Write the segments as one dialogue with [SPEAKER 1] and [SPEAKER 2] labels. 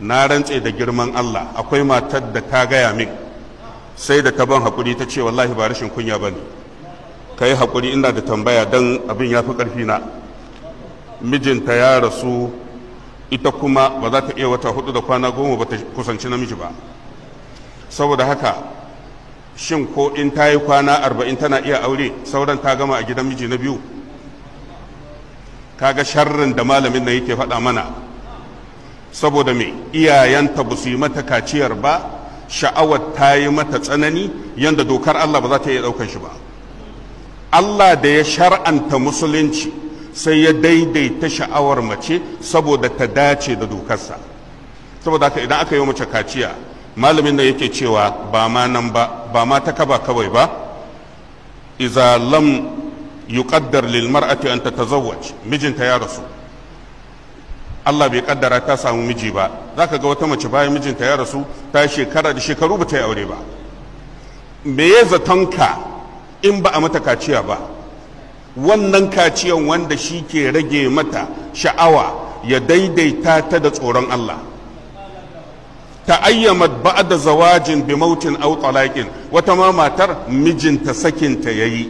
[SPEAKER 1] na rantse da girman Allah akwai matar da ta gaya min sai da ta ban hakuri ta ce wallahi ba rashin kunya ba ne ka yi hakuri ina da tambaya don abin ya fi ƙarfi na mijinta ya rasu ita kuma ba za ta iya wata hudu da kwana goma ba ta kusanci namiji ba saboda haka shin ko in ta yi kwana arba'in tana iya aure sauran ta gama a gidan miji na biyu kaga sharrin da malamin na yake faɗa mana saboda me iyayenta ba su yi mata kaciyar ba sha'awar ta yi mata tsanani yadda dokar Allah ba za ta iya ɗaukar shi ba Allah da ya shar'anta musulunci sai ya daidaita sha'awar mace saboda ta dace da dokarsa saboda haka idan aka yi mace kaciya malamin da yake cewa ba ma nan ba ba ma ta kaba kawai ba iza lam yuqaddar lil mar'ati an tatazawwaj mijinta ya rasu Allah bai kaddara ta samu miji ba za ka ga wata mace bayan mijinta ya rasu ta shekara da shekaru ba ta yi aure ba me ya ka in ba a mata kaciya ba wannan kaciyan wanda shi ke rage mata sha'awa ya daidaita ta da tsoron Allah ta ayyama ba da zawajin bi mautin au talaqin wata ma matar mijinta sakinta yayi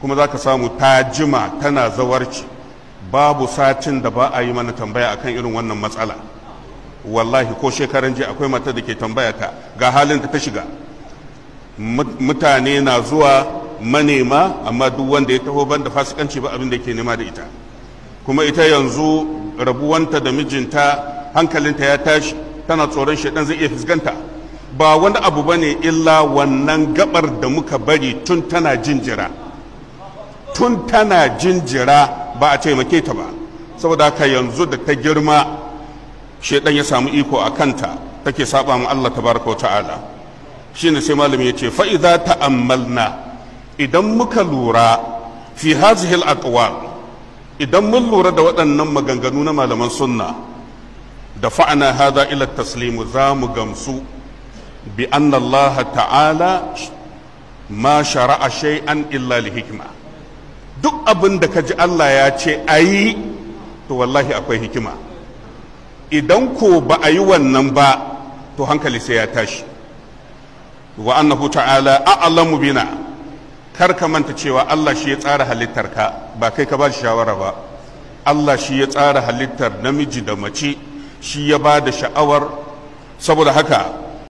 [SPEAKER 1] kuma zaka samu ta jima tana zawarci babu satin da ba a yi mana tambaya akan irin wannan matsala wallahi ko shekaran jiya akwai mata da ke tambaya ta ga halin da ta shiga mutane na zuwa manema amma duk wanda ya taho banda fasikanci ba abin da ke nema da ita kuma ita yanzu rabuwanta da mijinta hankalinta ya tashi tana tsoron shaidan zai iya fuskanta ba wani abu ba ne illa wannan gabar da muka bari tun tana jinjira tun tana jinjira ba a taimake ta ba saboda haka yanzu da ta girma shedan ya samu iko a kanta take saba mu Allah tabaraka wa ta'ala shine sai malami yace fa idza ta'ammalna idan muka lura fi hazihi al idan mun lura da waɗannan maganganu na malaman sunna da fa'ana hada ila taslimu za mu gamsu bi anna ta'ala ma shara'a shay'an illa duk abin da ka ji Allah ya ce a yi to wallahi akwai hikima idan ko ba a yi wannan ba to hankali sai ya tashi wa annahu ta'ala a'lamu bina kar ka manta cewa Allah shi ya tsara halittar ka ba kai ka ba shi shawara ba Allah shi ya tsara halittar namiji da mace shi ya ba da sha'awar saboda haka